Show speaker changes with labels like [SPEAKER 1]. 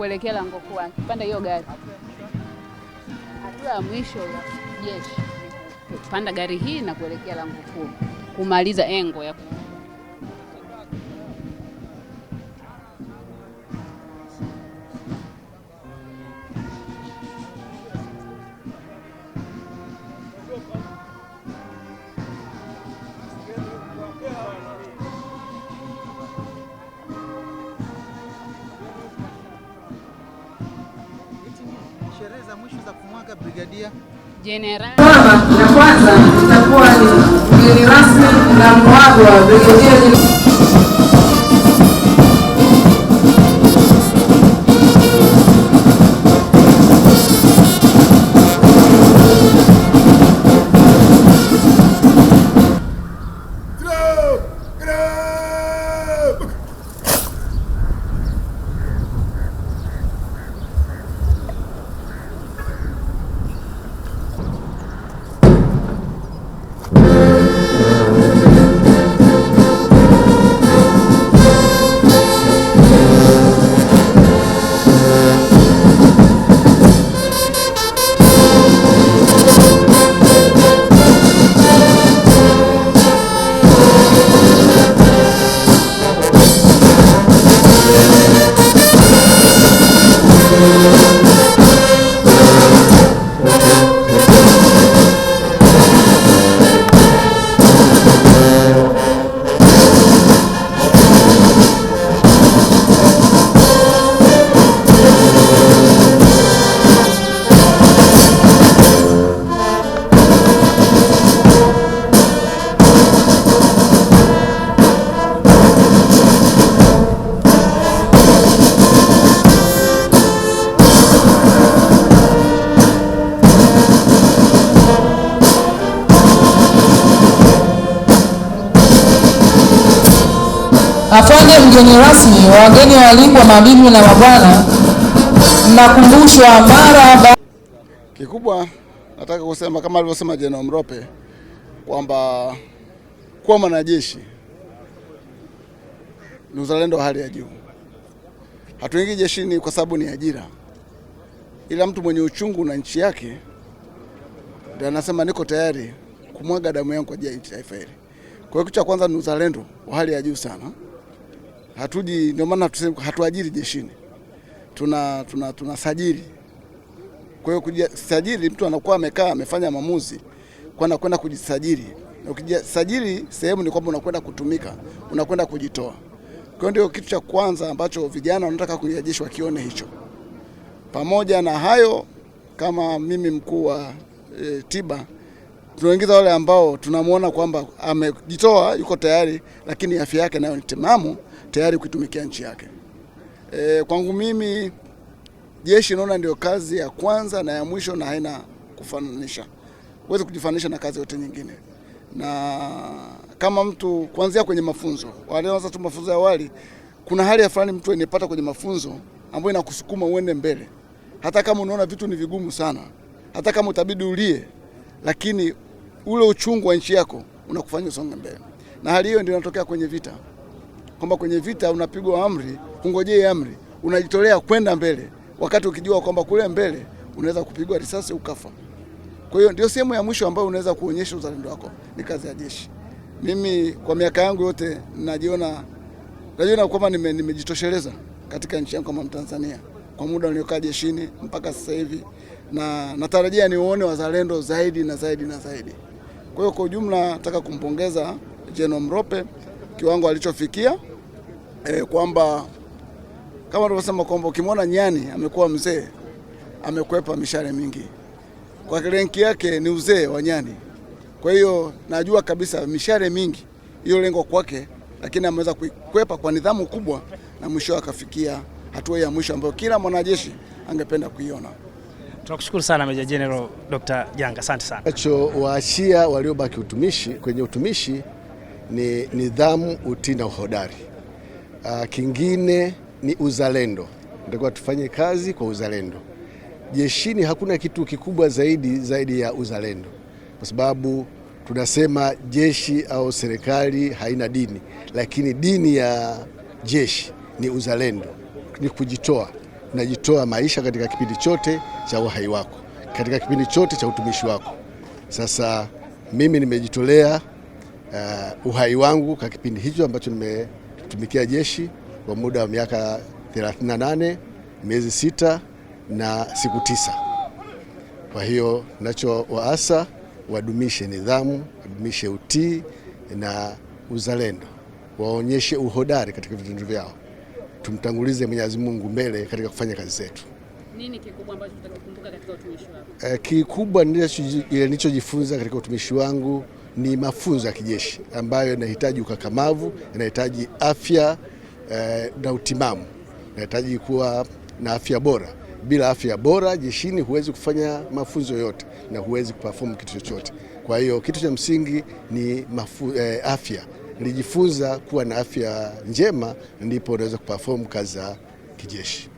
[SPEAKER 1] kuelekea lango kuu, panda hiyo gari, hatua ya mwisho ya jeshi panda gari hii na kuelekea lango kuu, kumaliza engo ya
[SPEAKER 2] sherehe za mwisho za kumwaga brigadia jenerali
[SPEAKER 3] na kwanza itakuwa ni rasmi na mwagwa wa brigadia afanye mgeni rasmi wa wageni waalikwa, mabibi na mabwana, mnakumbushwa mara ba...
[SPEAKER 4] Kikubwa nataka kusema kama alivyosema Jenerali Mrope kwamba kuwa mwanajeshi ni uzalendo wa hali ya juu. Hatuingii jeshini kwa sababu ni ajira, ila mtu mwenye uchungu na nchi yake ndio anasema niko tayari kumwaga damu yangu kwa ajili ya taifa hili. Kwa hiyo kitu cha kwanza ni uzalendo wa hali ya juu sana hatuji, ndio maana hatuajiri jeshini, tuna tunasajili tuna kwa hiyo kujisajili, mtu anakuwa amekaa amefanya maamuzi kwa kwenda kujisajili. Ukijisajili sehemu ni kwamba unakwenda kutumika, unakwenda kujitoa. Kwa hiyo ndio kitu cha kwanza ambacho vijana wanataka kuingia jeshi wakione hicho. Pamoja na hayo, kama mimi mkuu wa e, tiba tunaingiza wale ambao tunamwona kwamba amejitoa, yuko tayari, lakini afya yake nayo ni timamu, tayari kuitumikia nchi yake. E, kwangu mimi jeshi naona ndio kazi ya kwanza na ya mwisho, na haina kufananisha, huwezi kujifananisha na kazi yote nyingine. Na kama mtu kuanzia kwenye mafunzo walianza tu mafunzo ya awali, kuna hali ya fulani mtu anapata kwenye mafunzo ambayo inakusukuma uende mbele, hata kama unaona vitu ni vigumu sana, hata kama utabidi ulie lakini ule uchungu wa nchi yako unakufanya usonge mbele, na hali hiyo ndio inatokea kwenye vita, kwamba kwenye vita unapigwa amri, ungojee amri, unajitolea kwenda mbele, wakati ukijua kwamba kule mbele unaweza kupigwa risasi ukafa. Kwa hiyo ndio sehemu ya mwisho ambayo unaweza kuonyesha uzalendo wako ni kazi ya jeshi. Mimi kwa miaka yangu yote najiona najiona kwamba nime, nimejitosheleza katika nchi yangu kama Mtanzania kwa muda niliokaa jeshini mpaka sasa hivi na natarajia niuone wazalendo zaidi na zaidi na zaidi. Kwa hiyo kwa ujumla nataka kumpongeza Jeno Mrope kiwango alichofikia e, kwamba kama tulivyosema kwamba ukimwona nyani amekuwa mzee, amekwepa mishale mingi, kwa renki yake ni uzee wa nyani. Kwa hiyo najua kabisa mishale mingi hiyo lengo kwake, lakini ameweza kuikwepa kwa nidhamu kubwa, na mwisho akafikia hatua ya mwisho ambayo kila mwanajeshi angependa kuiona.
[SPEAKER 5] Tunakushukuru sana Meja General Dr. Janga, asante sana.
[SPEAKER 6] Acho waashia waliobaki utumishi kwenye utumishi ni nidhamu, utii na uhodari. Uh, kingine ni uzalendo, natakiwa tufanye kazi kwa uzalendo. Jeshini hakuna kitu kikubwa zaidi zaidi ya uzalendo, kwa sababu tunasema jeshi au serikali haina dini, lakini dini ya jeshi ni uzalendo, ni kujitoa. Najitoa maisha katika kipindi chote cha uhai wako katika kipindi chote cha utumishi wako. Sasa mimi nimejitolea uh, uhai wangu kwa kipindi hicho ambacho nimetumikia jeshi kwa muda wa miaka 38 miezi sita na siku tisa. Kwa hiyo nachowaasa wadumishe nidhamu, wadumishe utii na uzalendo, waonyeshe uhodari katika vitendo vyao. Tumtangulize Mwenyezi Mungu mbele katika kufanya kazi zetu.
[SPEAKER 7] Nini kikubwa ambacho katika utumishi wako?
[SPEAKER 6] Eh, kikubwa nilichojifunza katika utumishi wangu ni mafunzo ya kijeshi ambayo inahitaji ukakamavu, inahitaji afya eh, na utimamu, inahitaji kuwa na afya bora. Bila afya bora jeshini huwezi kufanya mafunzo yote na huwezi kuperform kitu chochote. Kwa hiyo kitu cha msingi ni mafu, eh, afya. Nilijifunza kuwa na afya njema ndipo unaweza kuperform kazi za kijeshi.